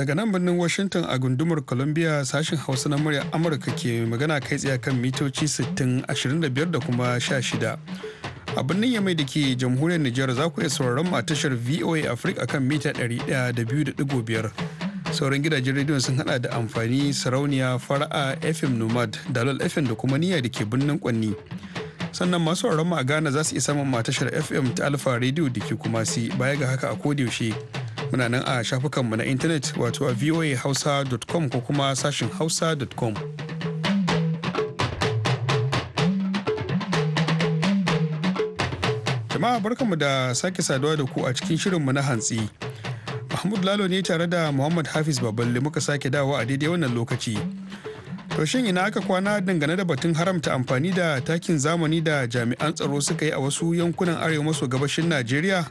daga nan birnin washington a gundumar columbia sashen hausa na murya amurka ke magana kai tsaye kan mitoci 60 da kuma 16 a birnin yamai da ke jamhuriyar nijar za ku iya sauraron a tashar voa africa kan mita 102.5 sauran gidajen rediyon sun hada da amfani sarauniya fara'a fm nomad dalol fm da kuma niyya da ke birnin kwanni sannan masu mu a ghana za su iya mamma tashar fm ta alfa radio da ke kuma baya ga haka a yaushe muna nan a shafukanmu na intanet wato a voahausa.com ko kuma sashin hausa.com jama'a barkanmu da sake saduwa da ku a cikin shirinmu na hantsi mahmud lalo ne tare da muhammad hafiz baballe muka sake dawo a daidai wannan lokaci to ina aka kwana dangane da batun haramta amfani da takin zamani da jami'an tsaro suka yi a wasu yankunan arewa maso gabashin najeriya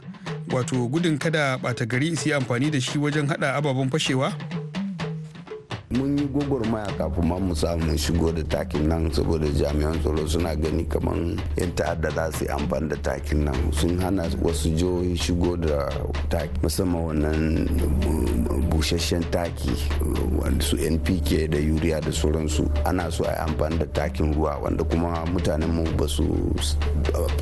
wato gudun kada ɓata gari su yi amfani da shi wajen hada ababen fashewa mun yi gwagwarmaya kafin ma mu samu shigo da takin nan saboda jami'an tsaro suna gani kamar yan ta'adda za su yi amfani da takin nan sun hana wasu jihohi shigo da taki musamman wannan mm, busasshen taki su npk da yuriya da sauransu ana so a yi amfani da takin ruwa wanda kuma mutanen mu ba su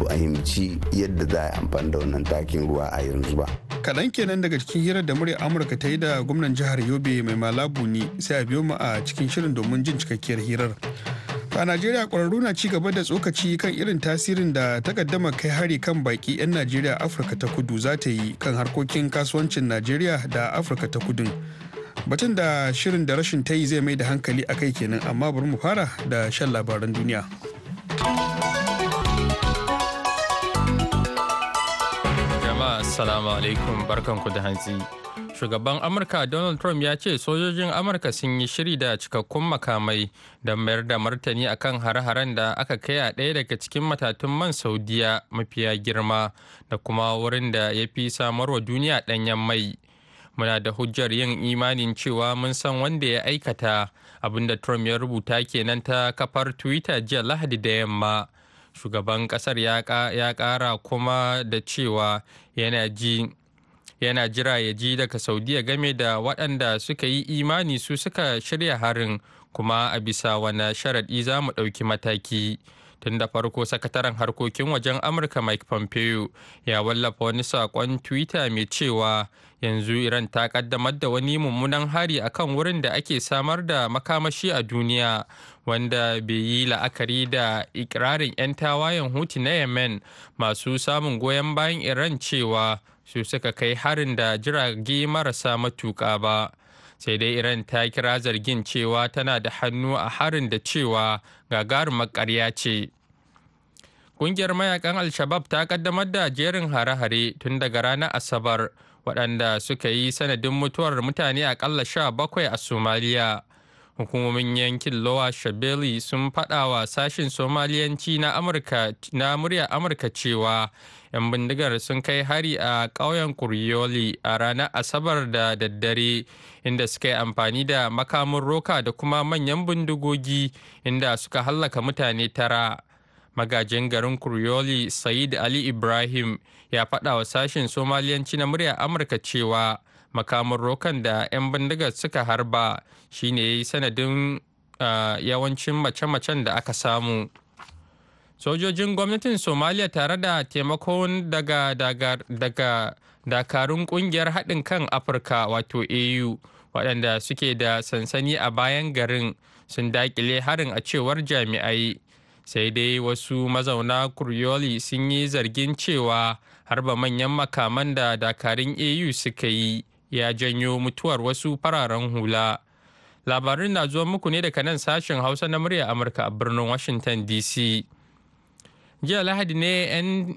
fahimci yadda za a yi amfani da wannan takin ruwa a yanzu ba. kaɗan kenan daga cikin hirar da murya amurka ta yi da gwamnan jihar yobe mai malabu ne sai a biyo mu a cikin shirin domin jin cikakkiyar hirar a najeriya ƙwararru na cigaba da tsokaci kan irin tasirin da takaddama kai hari kan baki 'yan najeriya afirka ta kudu za ta yi kan harkokin kasuwancin najeriya da afirka ta kudun batun da shirin da rashin ta yi zai mai da hankali a kai kenan amma bari mu fara da shan labaran duniya. Assalamu alaikum barkanku da hantsi. Shugaban Amurka Donald Trump ya ce sojojin Amurka sun yi shiri da cikakkun makamai don mayar da martani akan hare-haren da aka kai a ɗaya daga cikin matatun man Saudiya mafiya girma da kuma wurin da ya fi wa duniya ɗanyen mai. Muna da hujjar yin imanin cewa mun san wanda ya aikata abinda Trump ya rubuta kenan ta kafar Twitter jiya Lahadi da yamma. shugaban kasar ya kara kuma da cewa yana ji yana jira ya ji daga saudiya game da waɗanda suka yi imani su suka shirya harin kuma a bisa wani sharaɗi za mu ɗauki mataki tun da farko sakataren harkokin wajen amurka mike pompeo ya wallafa wani saƙon twitter mai cewa yanzu iran ta kaddamar da wani mummunan hari akan wurin da ake samar da makamashi a duniya wanda bai yi la'akari da ikirarin 'yan tawayen hutu na yemen masu samun goyon bayan iran cewa su suka kai harin da jirage marasa matuka ba. sai dai iran ta kira zargin cewa tana da hannu a harin da cewa gagarumar ƙarya ce kungiyar mayakan al-shabab ta kaddamar da jerin hare-hare tun daga ranar asabar waɗanda suka yi sanadin mutuwar mutane akalla sha bakwai a somaliya hukumomin yankin lowa shabeli sun faɗa wa sashen somaliyanci na amurka na murya amurka cewa 'yan bindigar sun kai hari a ƙauyen kuryoli a ranar asabar da daddare inda suka yi amfani da makamun roka da kuma manyan bindigogi inda suka hallaka mutane tara magajin garin kuryoli said ali ibrahim ya faɗa wa sashen somaliyanci na murya amurka cewa makamin rokan da 'yan bindigar suka harba shine ya yi sanadin yawancin mace-macen da aka samu sojojin gwamnatin somaliya tare da taimakon daga dakarun kungiyar haɗin kan afirka wato au waɗanda suke da sansani a bayan garin sun dakile harin a cewar jami'ai sai dai wasu mazauna kuryoli sun yi zargin cewa harba manyan makaman da dakarun au suka yi ya janyo mutuwar wasu fararen hula labarin na zuwa muku ne daga nan sashen hausa na murya amurka a birnin washington dc jiya lahadi ne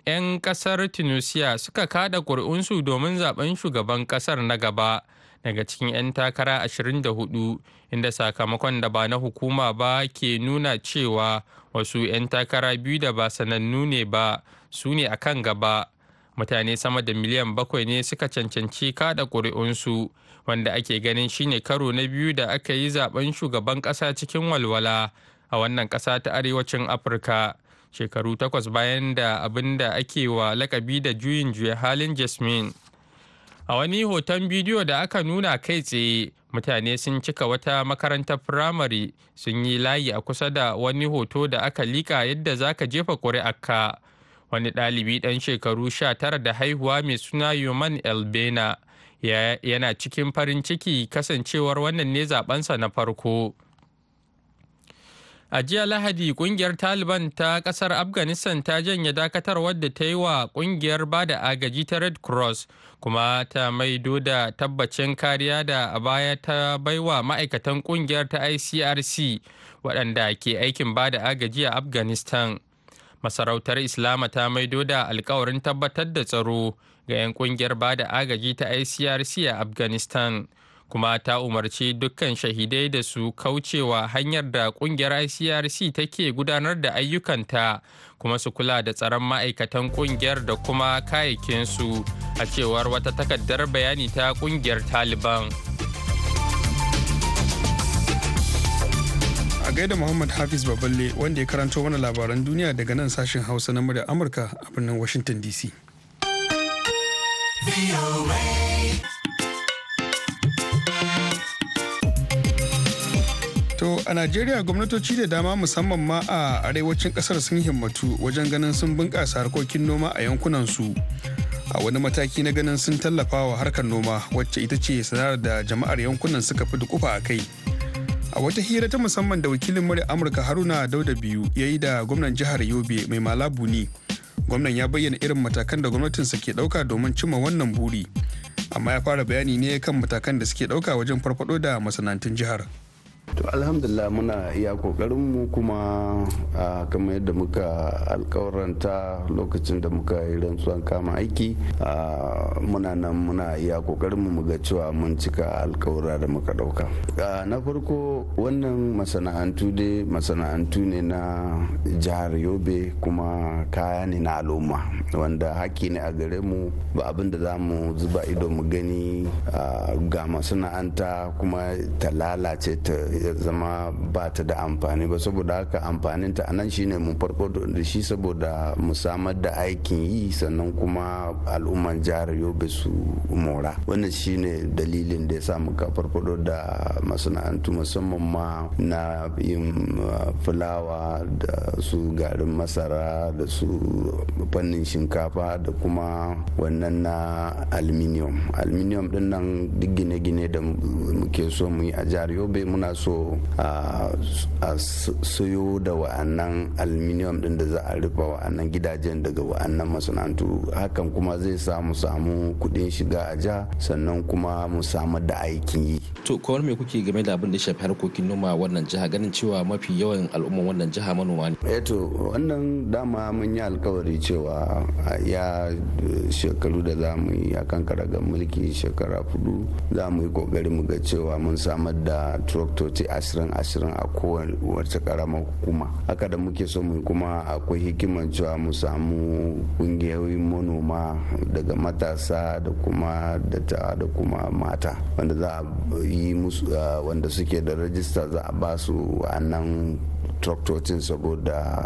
'yan kasar tunisia suka kada ƙuri'unsu domin zaben shugaban kasar na gaba daga cikin 'yan takara 24 inda sakamakon da ba na hukuma ba ke nuna cewa wasu 'yan takara biyu da ba sanannu ne ba su ne a kan gaba mutane sama da miliyan bakwai ne suka cancanci kada ƙuri'unsu wanda ake ganin shine karo na biyu da aka yi zaben shugaban ƙasa cikin walwala a wannan ƙasa ta arewacin afirka shekaru takwas bayan da abin da ake wa lakabi da juyin juya halin jasmin a wani hoton bidiyo da aka nuna kai tsaye mutane sun cika wata makarantar firamare sun yi layi a kusa da wani hoto da aka lika yadda za ka jefa ƙuri'arka wani ɗalibi ɗan shekaru sha tara da haihuwa mai suna yoman elbena yana cikin farin ciki kasancewar wannan ne zaɓensa na farko a jiya lahadi kungiyar taliban ta kasar afghanistan ta janye dakatar wadda ta yi wa kungiyar bada agaji ta red cross kuma ta maido da tabbacin kariya da a baya ta baiwa ma'aikatan kungiyar ta icrc waɗanda ke aikin bada agaji a afghanistan masarautar islama ta maido da alkawarin tabbatar da tsaro ga 'yan kungiyar ba da agaji ta icrc a afghanistan kuma ta umarci dukkan shahidai da su kaucewa hanyar da kungiyar icrc take gudanar da ayyukanta kuma su kula da tsaron ma'aikatan kungiyar da kuma kayayyakinsu a cewar wata takaddar bayani ta kungiyar taliban a gaida Muhammad Hafiz Baballe wanda ya karanto mana labaran duniya daga nan sashen Hausa na murya Amurka a birnin Washington DC. To a Najeriya gwamnatoci da dama musamman ma a arewacin kasar sun himmatu wajen ganin sun bunƙasa harkokin noma a yankunansu. A wani mataki na ganin sun tallafa wa harkar noma wacce ita ce sanar da jama'ar yankunan suka fi dukufa a kai. a wata hira ta musamman da wakilin murya amurka haruna dauda biyu ya yi da gwamnan jihar yobe mai malabu ni gwamnan ya bayyana irin matakan da gwamnatinsa ke dauka domin cimma wannan buri amma ya fara bayani ne kan matakan da suke dauka wajen farfado da masana'antun jihar to alhamdulillah muna iya kokarin mu kuma kama yadda muka alkawaranta lokacin da muka yi rantsuwan kama aiki muna nan muna iya kokarin mu muga cewa mun cika alkawura da muka dauka na farko wannan masana'antu dai masana'antu ne na jihar yobe kuma kaya ne na al'umma wanda haƙƙi ne a gare mu ba abin da za mu zuba ido mu gani ga masana'anta kuma ta lalace ta ya zama ba ta da amfani ba saboda haka amfanin ta anan shine mun farko da shi saboda mu samar da aikin yi sannan kuma al'umman jihar yobe su mora wannan shine dalilin da ya sa muka farfado da masana'antu musamman ma na yin uh, fulawa da su garin masara da su fannin shinkafa da kuma wannan na aluminium aluminium din nan gine-gine da muke so mu yi a jihar yobe muna so so a suyo da wa'annan aluminium din da za a rufe wa'annan gidajen daga wa'annan masana'antu hakan kuma zai sa mu samu kuɗin shiga a ja sannan kuma mu samu da aikin yi to kawar me kuke game da abin da shafi harkokin noma wannan jiha ganin cewa mafi yawan al'umman wannan jiha manoma ne eh to wannan dama mun yi alkawari cewa ya shekaru da za mu yi a kankara karagar mulki shekara hudu za mu yi kokari mu ga cewa mun samar da tractor minti ashirin ashirin a kowane wata karamar hukuma haka da muke so mu kuma akwai hikimar cewa mu samu kungiyoyin manoma daga matasa da kuma dattawa da kuma mata wanda za a yi musu wanda suke da rajista za a ba su a nan traktocin saboda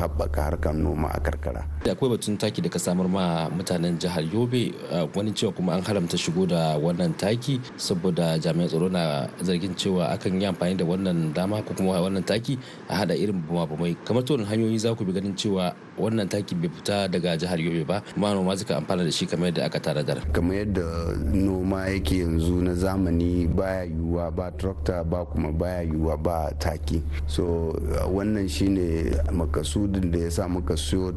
haɓaka harkar noma a karkara. da akwai batun taki da ka samar ma mutanen jihar yobe wani cewa kuma an haramta shigo da wannan taki saboda jami'an tsaro na zargin cewa akan yi amfani da wannan dama ko kuma wannan taki a hada irin bumabumai kamar tonin hanyoyi za ku bi ganin cewa wannan taki bai fita daga jihar yobe ba manoma suka amfana da shi kamar yadda aka tara dara. kamar yadda noma yake yanzu na zamani baya yiwuwa ba trakta ba kuma baya yiwuwa ba taki so wannan shine makasudin da ya sa muka siyo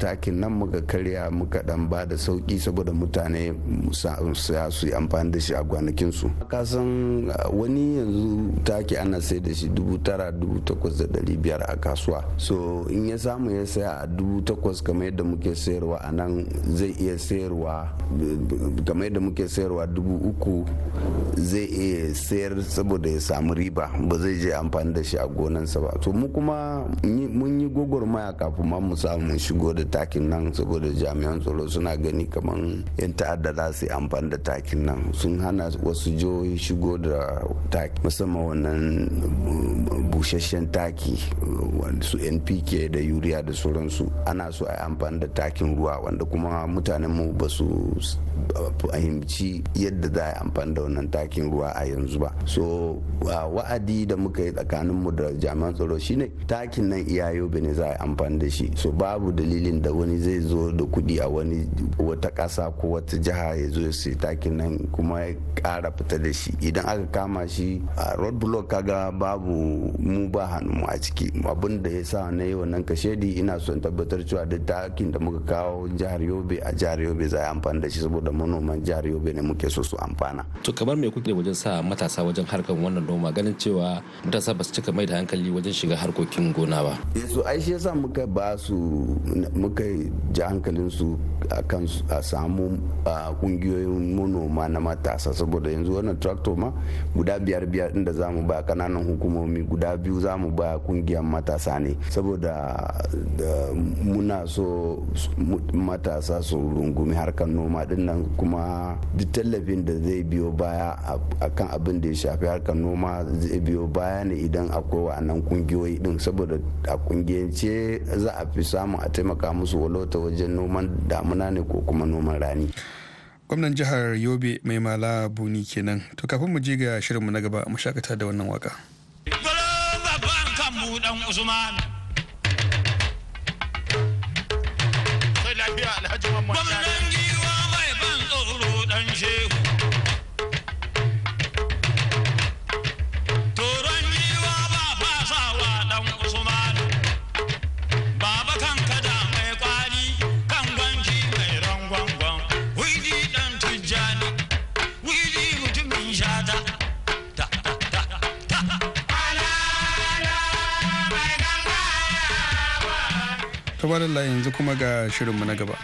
takin nan muka karya muka dan ba da sauki saboda mutane saya su yi amfani da shi a gwanakinsu kasan wani yanzu taki ana sai da shi dubu tara dubu takwas da dari biyar a kasuwa so in ya samu ya saya a dubu takwas kamar yadda muke sayarwa a nan zai iya sayarwa kamar yadda muke sayarwa dubu uku zai iya sayar saboda ya samu riba ba zai je amfani da shi a gonansa ba to mu kuma mun yi maya kafin ma mu samu shigo da takin nan saboda jami'an tsaro suna gani kamar yan ta'adda za su yi amfani da takin nan sun hana wasu jihohi shigo da taki musamman wannan busasshen taki su npk da yuriya da sauransu su ana so a yi amfani da takin ruwa wanda kuma mutanen mu ba su fahimci yadda za a amfani da wannan takin ruwa a yanzu ba so wa'adi da muka yi tsakanin mu da jami'an tsaro shine takin nan iyayo bene za a amfani da shi so babu dalilin da wani zai zo da kuɗi a wani wata kasa ko wata jiha ya zo ya sai takin nan kuma ya kara fita da shi idan aka kama shi a road block kaga babu mu ba hannu a ciki abin da ya sa na yi wannan kashedi ina son tabbatar cewa duk takin da muka kawo jihar yobe a jihar yobe za a amfani da shi saboda manoman jihar yobe ne muke so su amfana to kamar me kuke wajen sa matasa wajen harkar wannan noma ganin cewa matasa ba su cika mai da hankali wajen shiga harkokin gona ba eh, so ai shi yasa muka ba su muka ji hankalin su kan a samu kungiyoyin manoma na matasa saboda yanzu wannan tractor ma guda biyar biyar inda za mu ba kananan hukumomi guda biyu za mu ba kungiyar matasa ne saboda muna so matasa su rungumi harkar noma dinnan kuma duk tallafin da zai biyo baya a kan abin da ya shafi harkar noma zai biyo baya ne idan akwai wa'annan kungiyoyi din saboda a kungiyance za a fi samu a taimaka musu walota wajen noman damuna ne ko kuma noman rani gwamnan jihar yobe mai mala buni kenan to kafin mu je ga shirinmu na gaba mu shakata da wannan waka. Usman lafiya alhaji mamman tabaralla yanzu kuma ga shirinmu na gaba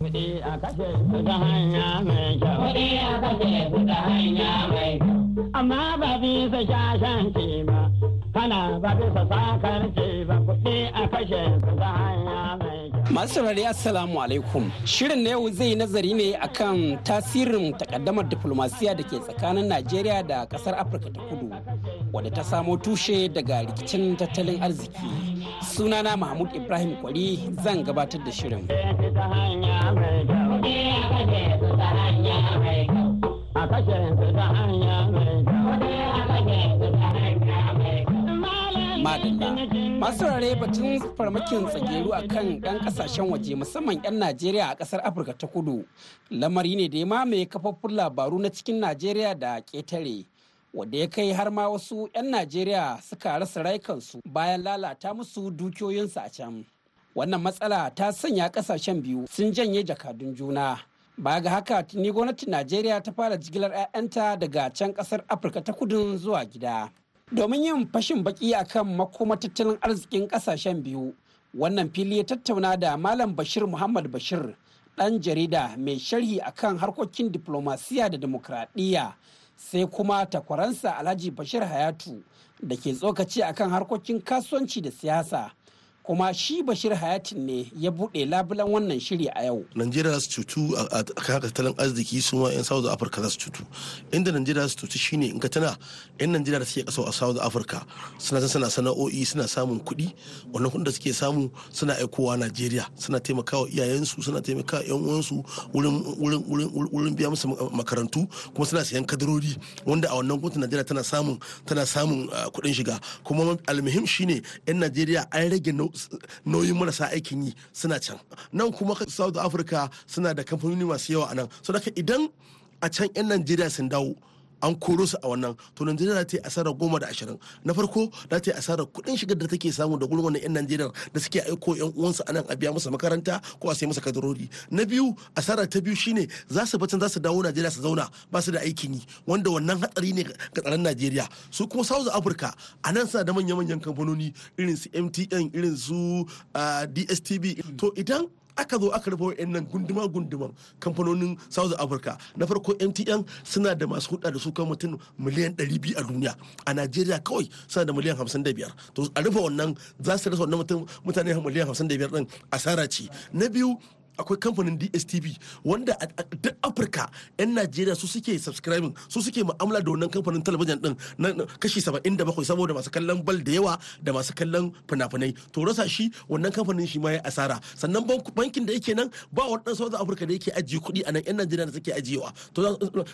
Kuɗi a kashe su ta hanya mai kyau. Kuɗi a kashe su ta hanya mai kyau. Amma ba bisa shashanci ba, kana ba bisa sakarci ba, kuɗi a kashe su ta hanya mai kyau. Masu saurari Assalamu alaikum. Shirin na yau zai nazari ne akan tasirin takaddamar diplomasiya da ke tsakanin Najeriya da kasar Afirka ta Kudu. wadda ta samo tushe daga rikicin tattalin arziki sunana mahmud ibrahim kwari zan gabatar da shirin masu rare batun farmakin tsageru a kan 'yan kasashen waje musamman 'yan najeriya a ƙasar afirka ta kudu lamari ne da ya mamaye kafafun labaru na cikin najeriya da ƙetare. wanda ya kai har ma wasu 'yan najeriya suka rasa rayukansu bayan lalata musu dukiyoyinsu a can wannan matsala ta sanya kasashen biyu sun janye jakadun juna Ba ga haka tuni gwamnatin najeriya ta fara jigilar 'ya'yanta daga can kasar afirka ta kudu zuwa gida domin yin fashin baki akan makoma tattalin arzikin kasashen biyu wannan fili ya tattauna da malam bashir muhammad bashir ɗan jarida mai sharhi akan harkokin diplomasiya da demokradiyya sai kuma takwaransa alhaji bashir hayatu da ke tsokaci akan harkokin kasuwanci da siyasa kuma shi bashir hayatin ne ya buɗe labulan wannan shiri a yau najeriya za su cutu a kan tattalin arziki su ma 'yan south africa za su cutu inda najeriya za su cutu shine in ka tana 'yan najeriya da suke kasau a south africa suna sana sana'o'i suna samun kuɗi wannan kuɗin da suke samu suna aikowa najeriya suna taimakawa iyayensu suna taimakawa 'yan uwansu wurin biya musu makarantu kuma suna sayan kadarori wanda a wannan gwamnatin najeriya tana samun tana samun ah, kuɗin shiga kuma almuhim shine 'yan najeriya an rage nauyin marasa aikin yi suna can nan kuma south africa suna da kamfanoni masu yawa a nan so daga idan a can 'yan najeriya sun dawo an koro su a wannan to najeriya za ta yi asarar goma da ashirin na farko za ta yi asarar kuɗin shigar da take samu da na yan najeriya da suke aiko yan uwansu anan a biya masa makaranta ko a sai masa kadarori na biyu asarar ta biyu shine za su bacin za su dawo najeriya su zauna ba su da aikin yi wanda wannan hatsari ne ga tsaron najeriya su kuma south africa a nan suna da manya-manyan kamfanoni irin su mtn irin su ah, dstv to idan aka zo aka rufe wa'annan gunduma gunduman kamfanonin south africa na farko mtn suna da masu hudu da su kan mutum miliyan 200 a duniya a najeriya kawai suna da miliyan 55 to a rufe wannan za su rasa wannan mutum mutane miliyan 55 din asara ce na biyu akwai kamfanin dstv wanda a duk afirka 'yan najeriya su suke subscribing su suke mu'amala da wannan kamfanin talabijin din na kashi 77 saboda masu kallon bal da yawa da masu kallon fina-finai to rasa shi wannan kamfanin shi ma ya asara sannan bankin da yake nan ba waɗannan south africa da yake ajiye kuɗi a nan 'yan najeriya da suke ajiyewa to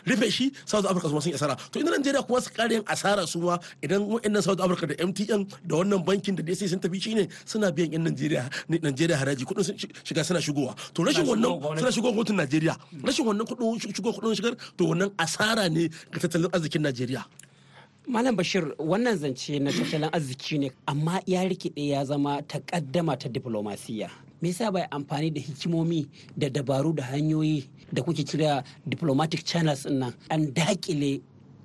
rufe shi south africa su ma sun asara to idan najeriya kuma su kare yin asara su ma idan wa'annan south africa da mtn da wannan bankin da dstv sun tafi shine suna biyan 'yan najeriya najeriya haraji kuɗin shiga suna shigowa to rashin wannan suna shigo gwamnatin Najeriya rashin wannan kudin shigo kudin shigar to wannan asara ne ga tattalin arzikin Najeriya Malam Bashir wannan zance na tattalin arziki ne amma ya rikide ya zama takaddama ta diplomasiya me yasa bai amfani da hikimomi da dabaru da hanyoyi da kuke kira diplomatic channels nan an dakile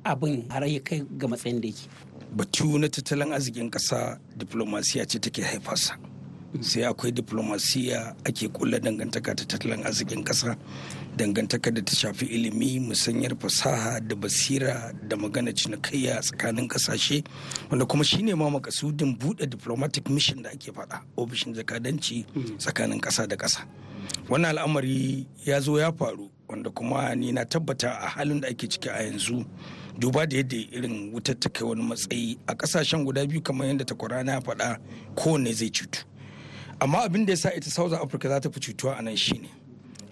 abin har ya kai ga matsayin da yake batu na tattalin arzikin ƙasa diplomasiya ce take haifarsa sai akwai diplomasiya ake kulla dangantaka ta tattalin arzikin ƙasa dangantaka da ta shafi ilimi musanyar fasaha da basira da magana cinikayya tsakanin ƙasashe wanda kuma shine ma makasudin buɗe diplomatic mission da ake faɗa ofishin jakadanci tsakanin kasa da ƙasa wani al'amari ya zo ya faru wanda kuma ni na tabbata a halin da ake ciki a yanzu duba da yadda irin wutar ta kai wani matsayi a kasashen guda biyu kamar yadda takwarana ya faɗa kowane zai cutu amma abin da ya sa ita south africa za ta fi cutuwa a nan ne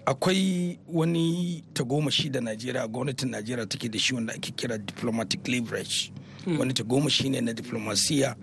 akwai wani tagomashi da najeriya gwamnatin najeriya take da shi wanda ake kira diplomatic leverage hmm. wani tagomashi ne na diplomasiya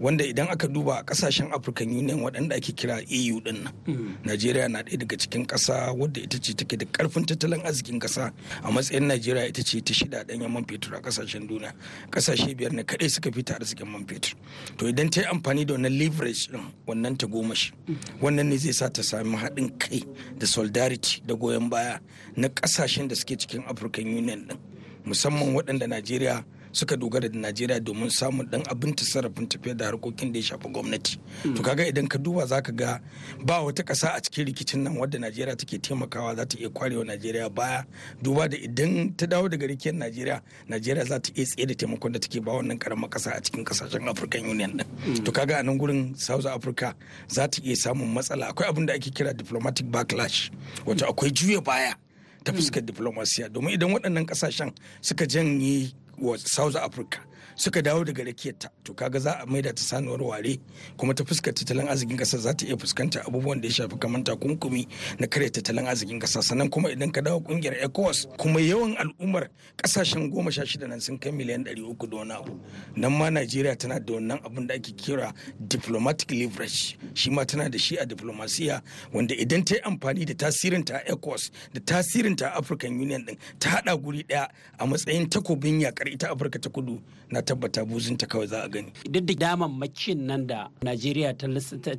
wanda idan aka duba a kasashen african union waɗanda ake kira eu din nan hmm. najeriya na ɗaya daga cikin ƙasa wadda ita ce take da karfin tattalin arzikin ƙasa a matsayin najeriya ita ce ta shida dan man fetur a kasashen duniya ƙasashe biyar ne kaɗai suka fita arzikin man fetur to idan ta yi amfani da wannan leverage din wannan ta goma shi hmm. wannan ne zai sa ta sami haɗin kai da solidarity da goyon baya na kasashen da suke cikin african union din musamman waɗanda najeriya suka dogara da najeriya domin samun dan abin sarrafin tafiya da harkokin da ya shafi gwamnati to kaga idan ka duba zaka ga ba wata kasa a cikin rikicin nan wadda najeriya take taimakawa za ta iya kwarewa najeriya baya duba da idan ta dawo daga rikiyar najeriya najeriya za ta iya tsaye da taimakon da take ba wannan karamar kasa a cikin kasashen african union din mm. to kaga a nan gurin south africa za ta iya samun matsala akwai abin da ake kira diplomatic backlash wato akwai juya baya ta mm. fuskar diplomasiya domin idan waɗannan ƙasashen suka janye was South Africa suka dawo daga rakiyarta to kaga za a maida ta sanuwar ware kuma ta fuskar tattalin arzikin kasar za ta iya fuskanta abubuwan da ya shafi kamar takunkumi na karya tattalin arzikin kasa sannan kuma idan ka dawo kungiyar ecowas kuma yawan al'ummar kasashen goma sha shida nan sun kai miliyan ɗari uku da wani abu nan ma najeriya tana da wannan abun da ake kira diplomatic leverage shi ma tana da shi a diplomasiya wanda idan ta yi amfani da tasirin a ecowas da tasirin ta african union din ta haɗa guri daya a matsayin takobin yakar ita afirka ta kudu na tabbata buzinta kawai za a gani duk da macin nan da najeriya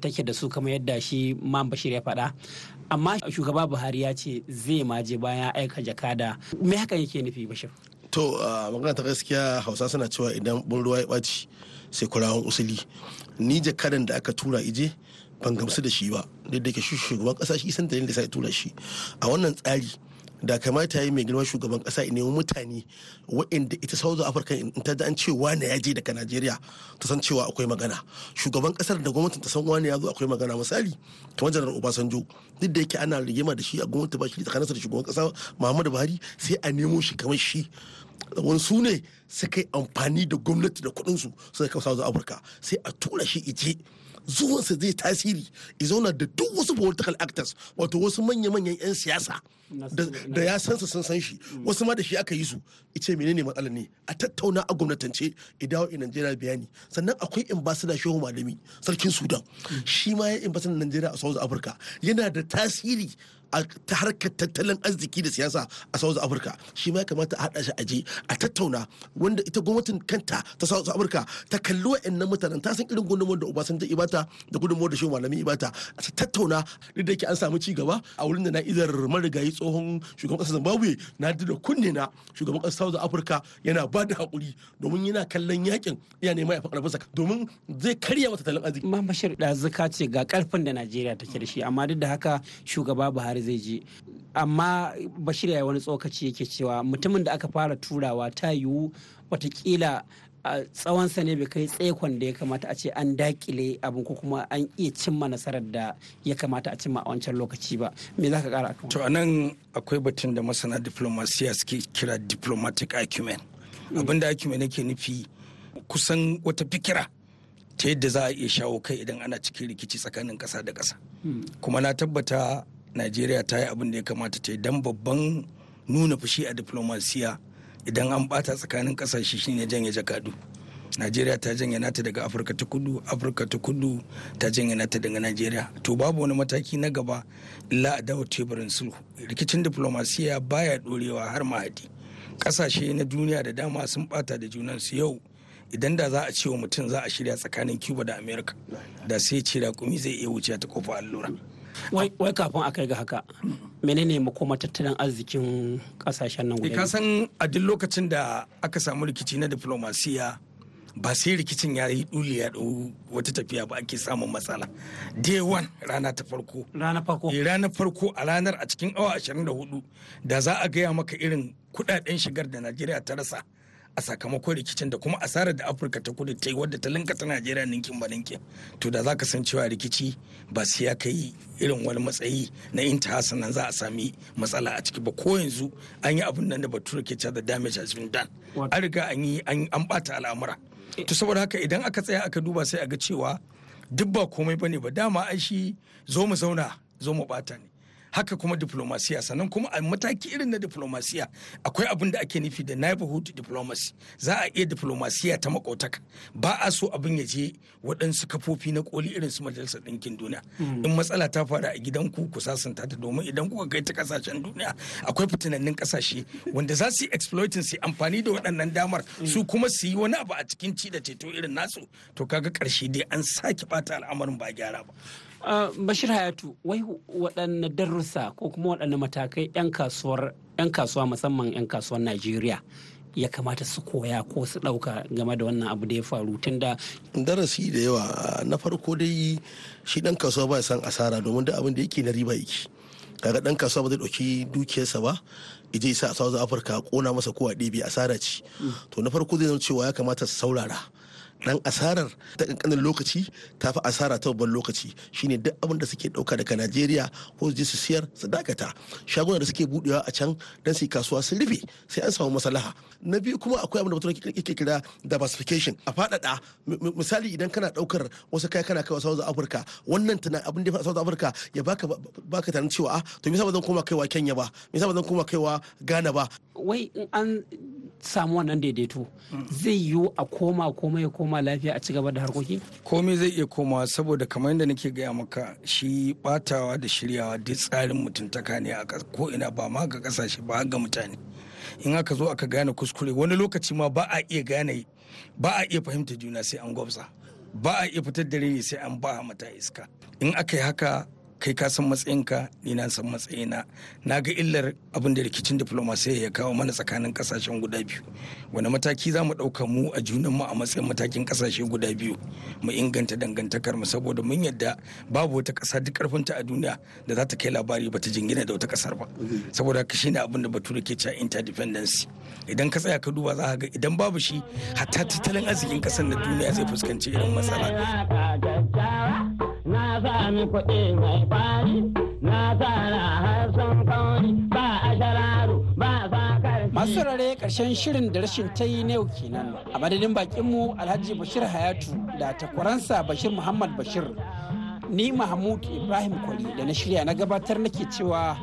take da su kamar yadda shi man bashir ya faɗa amma shugaba buhari ya ce zai maje bayan aika jakada me hakan yake nufi bashir to magana ta gaskiya hausa suna cewa idan bun ruwa ya ɓaci sai kurawan usuli ni jakadan da aka tura ije ban gamsu da shi ba duk da ke shugaban kasa shi san dalilin da sai tura shi a wannan tsari da kamata yi mai girma shugaban kasa in nemi mutane wa'inda ita south Afirka in ta an ce wane ya daga najeriya ta san cewa akwai magana shugaban kasar da gwamnatin ta san wane ya zo akwai magana misali kamar janar obasanjo duk da yake ana rigima da shi a gwamnati ba shi tsakaninsa da shugaban kasa muhammadu buhari sai a nemo shi kamar shi wani su ne suka yi amfani da gwamnati da kuɗinsu suka kawo south afirka sai a tura shi ije zuwansa zai tasiri zauna da duk wasu political actors wato wasu manya-manyan 'yan siyasa da ya sansa sun san shi wasu ma da shi aka yi su ice menene matsala ne a tattauna a gwamnatance idan wa'in najeriya bayani sannan akwai ambassador shehu malami sarkin sudan shi ma ya ambassador najeriya a south africa yana da tasiri ta harkar tattalin arziki da siyasa a south africa shi ma ya kamata a haɗa shi a je a tattauna wanda ita gwamnatin kanta ta south africa ta kalli wa'annan mutanen ta san irin gudunmuwar da obasanjo ibata da gudunmuwar da shi malami ibata ta tattauna duk da yake an samu ci gaba a wurin da na idar marigayi tsohon shugaban ƙasar zimbabwe na da kunne na shugaban ƙasar south africa yana ba da hakuri domin yana kallon yakin iya neman ya faɗa domin zai karya wa tattalin arziki. Mamashir da ce ga karfin da Najeriya take da shi amma duk da haka shugaba Buhari buhari zai je amma bashir ya wani tsokaci yake cewa mutumin da aka fara turawa ta yiwu watakila tsawonsa ne bai kai tsaikon da ya kamata a ce an dakile abin ko kuma an iya cimma nasarar da ya kamata a cimma a wancan lokaci ba me za ka kara akan to anan akwai batun da masana diplomasiya suke kira diplomatic acumen mm. abin da acumen yake nufi kusan wata fikira ta yadda za a iya shawo kai idan ana cikin rikici tsakanin ƙasa da kasa mm. kuma na tabbata najeriya ta yi abin da ya kamata ta yi don babban nuna fushi a diplomasiya idan an bata tsakanin kasashe shine janye jakadu najeriya ta janye nata daga afirka ta kudu afirka ta kudu ta janye nata daga najeriya to babu wani mataki na gaba illa a dawo teburin sulhu rikicin diplomasiya baya dorewa har mahadi kasashe na duniya da dama sun bata da junan su yau idan da za a ce wa mutum za a shirya tsakanin cuba da america da sai ce da kumi zai iya wuce ta kofa allura wai kafin a kai ga haka menene makoma tattalin arzikin kasashen nan guda eh, ka san a duk lokacin da aka samu rikici na diplomasiya ba sai rikicin ya yi duli ya dau wata tafiya ba ake samun matsala day one rana ta farko rana farko eh, rana farko a ranar a cikin awa 24 da za a gaya maka irin kudaden shigar da najeriya ta rasa a sakamakon rikicin da kuma asarar da afirka ta kudu ta yi wadda ta linka ta najeriya ninkin ba ninkin to da za ka san cewa rikici ba sai ya kai irin wani matsayi na inta sannan za a sami matsala a ciki ba ko yanzu an yi abin nan da Batura ke cewa da damage has been done an riga an yi an bata al'amura eh. to saboda haka idan aka tsaya aka duba sai a ga cewa duk ba komai bane ba dama ai shi zo mu zauna zo mu bata ne haka kuma diplomasiya sannan kuma a mataki irin na diplomasiya akwai abin da ake nufi da neighborhood diplomacy za a iya diplomasiya ta makotaka ba a so abin ya je waɗansu kafofi na koli irin su majalisar ɗinkin duniya hmm. in matsala ta faru a gidan ku sasanta ta domin idan kuka kai ta kasashen duniya akwai fitinannin kasashe wanda za su yi exploiting su amfani da waɗannan damar hmm. su kuma su yi wani abu a cikin ci da ceto irin nasu to kaga ƙarshe dai an sake bata al'amarin ba gyara ba Uh, Bashir Hayatu, wai waɗanne darussa ko kuma waɗanne matakai 'yan kasuwar 'yan kasuwa musamman 'yan kasuwar Najeriya ya kamata su koya ko su ɗauka game da wannan abu da ya faru tun da darasi da yawa uh, na farko dai shi ɗan kasuwa ba ya san asara domin da abin da yake na riba yake kaga ɗan kasuwa ba zai dauki dukiyarsa ba ije sa a South Africa kona masa ko a ɗebe asara ce mm. to na farko zai zama cewa ya kamata su saurara dan asarar ta kankanin lokaci ta fi asara ta babban lokaci shine duk abin da suke dauka daga najeriya ko su je su siyar su dakata shagunan da suke budewa a can dan su kasuwa su rufe sai an samu maslaha na biyu kuma akwai abin da mutum yake kira diversification a faɗaɗa misali idan kana daukar wasu kai kana kaiwa south africa wannan tana abin da ya south africa ya baka baka tana cewa ah, to me yasa ba zan koma kaiwa kenya ba me yasa ba zan koma kaiwa ghana ba wai an samu wannan daidaito zai yiwu a koma komai ya koma lafiya a cigaba da harkoki komai zai iya komawa saboda kamar yadda nake gaya maka shi batawa da shiryawa duk tsarin mutuntaka ne a ko ina ba ma ga kasashe ba ga mutane in aka zo aka gane kuskure wani lokaci ma ba a iya gane ba a iya fahimta juna sai an gwabza ba a iya fitar da rini sai an ba mata iska in aka yi haka kai ka san matsayinka ni na san matsayina na ga illar abin da rikicin diplomasiya ya kawo mana tsakanin kasashen guda biyu wani mataki za mu ɗauka mu a junan mu a matsayin matakin kasashe guda biyu mu inganta dangantakar mu saboda mun yadda babu wata ƙasa duk ƙarfinta a duniya da za ta kai labari ba ta jingina da wata ƙasar ba saboda ka shine abin da bature ke cewa interdependency idan ka tsaya ka duba za ka ga idan babu shi hatta tattalin arzikin ƙasar na duniya zai fuskanci irin matsala. sami mai na tsara har ba a shararu ba masu rare karshen shirin da rashin ta yi yau kenan a madadin bakinmu alhaji bashir hayatu da takwaransa bashir muhammad bashir ni mahmud ibrahim kwali da na shirya na gabatar nake cewa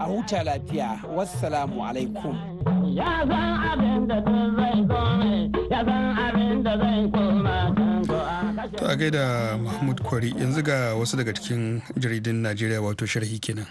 a huta lafiya wassalamu alaikum ya san abin da zai kome ya san abin da zai koma to a gaida mahmud kwari yanzu ga wasu daga cikin jaridun najeriya wato sharhi kenan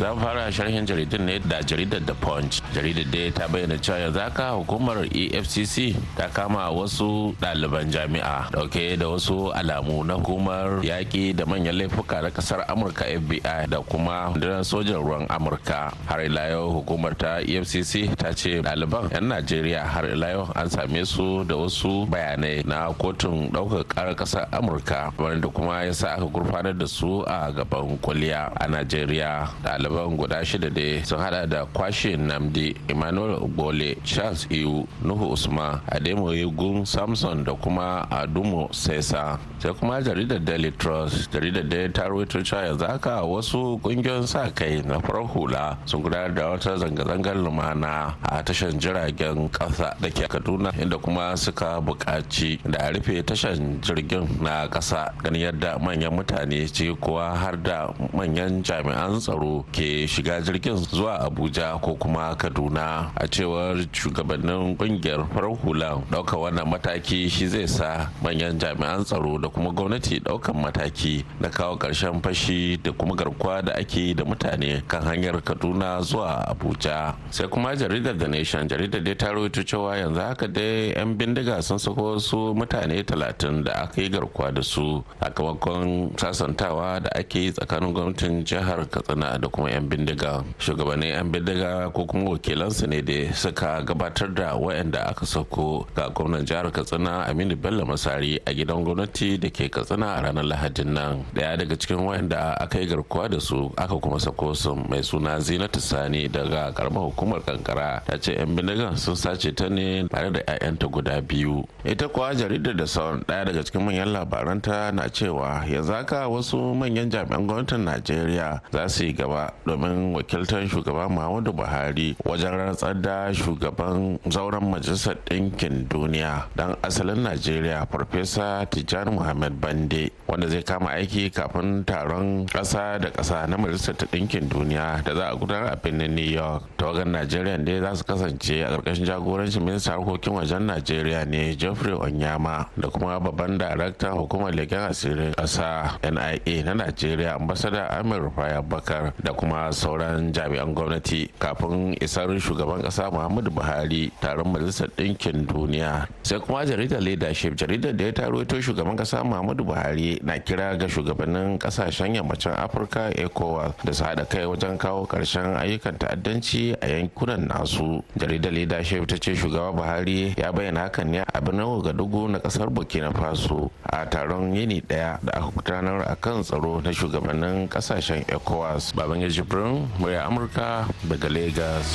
za mu fara sharhin jaridun ne da jaridar da punch jaridar dai ta bayyana cewa yanzu haka hukumar efcc ta kama wasu ɗaliban jami'a dauke da wasu alamu na hukumar yaƙi da manyan laifuka na ƙasar amurka fbi da kuma hundunar sojan ruwan amurka har ila yau hukumar ta efcc ta ce ɗaliban 'yan najeriya har ila yau an same su da wasu bayanai na kotun ɗaukar ƙarar ƙasar amurka wanda kuma ya sa aka gurfanar da su a gaban kwalliya a najeriya ɗaliban guda shida da sun hada da kwashe namdi emmanuel gole charles iwu nuhu usman ademo gun samson da kuma adumo sesa sai kuma jaridar daily trust jaridar da ta rawaito cewa yanzu haka wasu kungiyoyin sa kai na farar hula sun gudanar da wata zanga-zangar lumana a tashar jiragen kasa da ke kaduna inda kuma suka buƙaci da a rufe tashar jirgin na kasa ganin yadda manyan mutane ce, kuwa har da manyan jami'an tsaro ke ke shiga jirgin zuwa abuja ko kuma kaduna a cewar shugabannin kungiyar farar hula dauka wannan mataki shi zai sa manyan jami'an tsaro da kuma gwamnati ɗaukar mataki na kawo ƙarshen fashi da kuma garkuwa da ake da mutane kan hanyar kaduna zuwa abuja sai kuma jaridar the nation jaridar dai ta rawaito cewa yanzu haka dai 'yan bindiga sun sako wasu mutane talatin da aka yi garkuwa da su sakamakon sasantawa da ake yi tsakanin gwamnatin jihar katsina da kuma 'yan bindiga shugabannin 'yan bindiga ko kuma wakilansu ne da suka gabatar da wayanda aka sako ga gwamnan jihar katsina aminu bello masari a gidan gwamnati da ke katsina a ranar lahadin nan daya daga cikin wayanda aka yi garkuwa da su aka kuma sako su mai suna zinatu sani daga karamar hukumar kankara ta ce 'yan bindigan sun sace ta ne tare da 'ya'yanta guda biyu ita kuwa jaridar da sauran daya daga cikin manyan labaranta na cewa yanzu haka wasu manyan jami'an gwamnatin najeriya za su yi gaba domin wakiltar shugaban muhammadu buhari wajen rantsar da shugaban zauren majalisar ɗinkin duniya dan asalin najeriya farfesa tijjani muhammad bande wanda zai kama aiki kafin taron ƙasa da ƙasa na majalisar ta ɗinkin duniya da za a gudanar a birnin new york tawagar najeriya ne za su kasance a ƙarƙashin jagorancin ministan harkokin wajen najeriya ne geoffrey onyama da kuma babban daraktan hukumar leken asirin ƙasa nia na najeriya ambasada amir rufai abubakar da kuma sauran jami'an gwamnati kafin isar shugaban kasa muhammadu buhari taron majalisar ɗinkin duniya sai kuma jaridar leadership jaridar da ya taro ito shugaban kasa muhammadu buhari na kira ga shugabannin kasashen yammacin afirka ecowas da su haɗa kai wajen kawo ƙarshen ayyukan ta'addanci a yankunan nasu jaridar leadership ta ce shugaba buhari ya bayyana hakan ne a birnin dugu na ƙasar burkina faso a taron yini ɗaya da aka gudanar a kan tsaro na shugabannin kasashen ecowas baban jibrin murya amurka daga lagos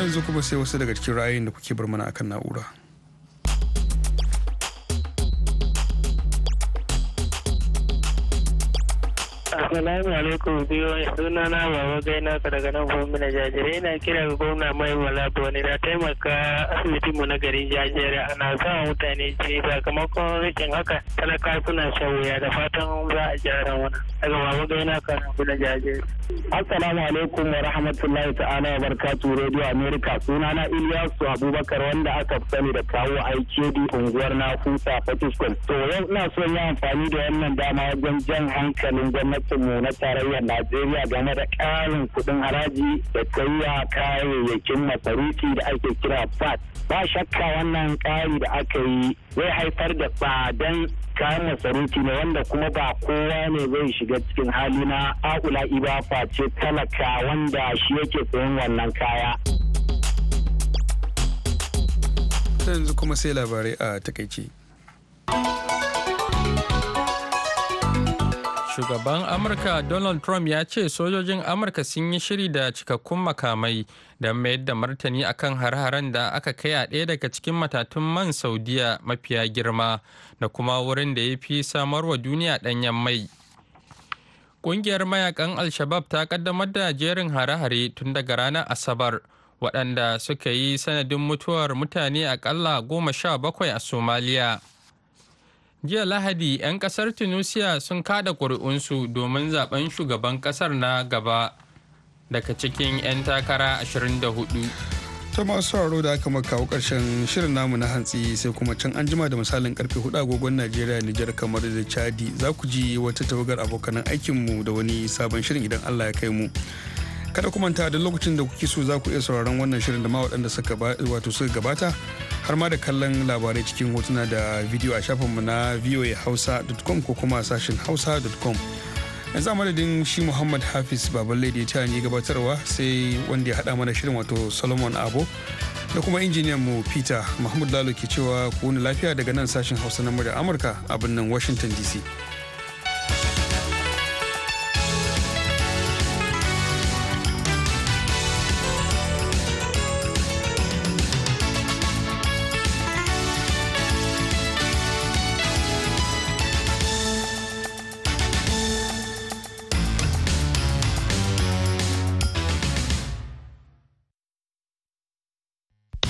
yanzu kuma sai wasu daga cikin ra'ayin da kuke bar mana akan na'ura Salamu alaikum biyoyi suna na baba ka daga nan na jajire na kira ga gwamna mai malabo wani da taimaka asibiti mu na garin jajire ana sa mutane jini sakamakon rikin haka talaka suna shan wuya da fatan za a gyara wani daga baba gaina na nan na jajire. Assalamu alaikum wa rahmatullahi ta'ala wa barkatu Radio America suna na Ilyasu Abubakar wanda aka sani da kawo aikedi unguwar na Kusa Fatiskum. To yau ina son yi amfani da wannan dama wajen jan hankalin gwamnatin mu na tarayyar Najeriya game da ƙarin kuɗin haraji da kaiwa kayayyakin masarufi da ake kira VAT. Ba shakka wannan ƙari da aka yi zai haifar da tsadan kayan masarufi ne wanda kuma ba kowa ne zai shiga cikin hali na akula iba face talaka wanda shi yake sayan wannan kaya. yanzu kuma sai labarai a takaice. shugaban amurka donald trump ya ce sojojin amurka sun yi shiri da cikakkun makamai don mayar da martani akan har-haren da aka kai a ɗaya daga cikin matatun man saudiya mafiya girma da kuma wurin da ya fi samarwa duniya ɗanyen mai ƙungiyar mayakan al-shabab ta kaddamar da jerin hare-hare tun daga ranar asabar waɗanda suka yi sanadin mutuwar mutane akalla goma sha bakwai a somaliya jiya lahadi 'yan kasar tunisia sun kada ƙuri'unsu domin zaben shugaban kasar na gaba daga cikin 'yan takara 24 ta masu sauraro da aka makawa karshen shirin namu na hantsi sai kuma can an jima da misalin karfe hudu agogon najeriya nijar kamar da chadi za ku ji wata tawagar abokanan aikinmu da wani sabon shirin idan allah ya kai mu kada kuma ta da lokacin da kuke so za ku iya sauraron wannan shirin da ma waɗanda suka gabata har ma da kallon labarai cikin hotuna da bidiyo a shafinmu na voahausa.com ko kuma sashen hausa.com yanzu a madadin shi muhammad hafiz baballe da ta ni gabatarwa sai wanda ya haɗa mana shirin wato solomon abo da kuma injiniyan mu peter mahmud lalo ke cewa ku lafiya daga nan sashen hausa na murya amurka a birnin washington dc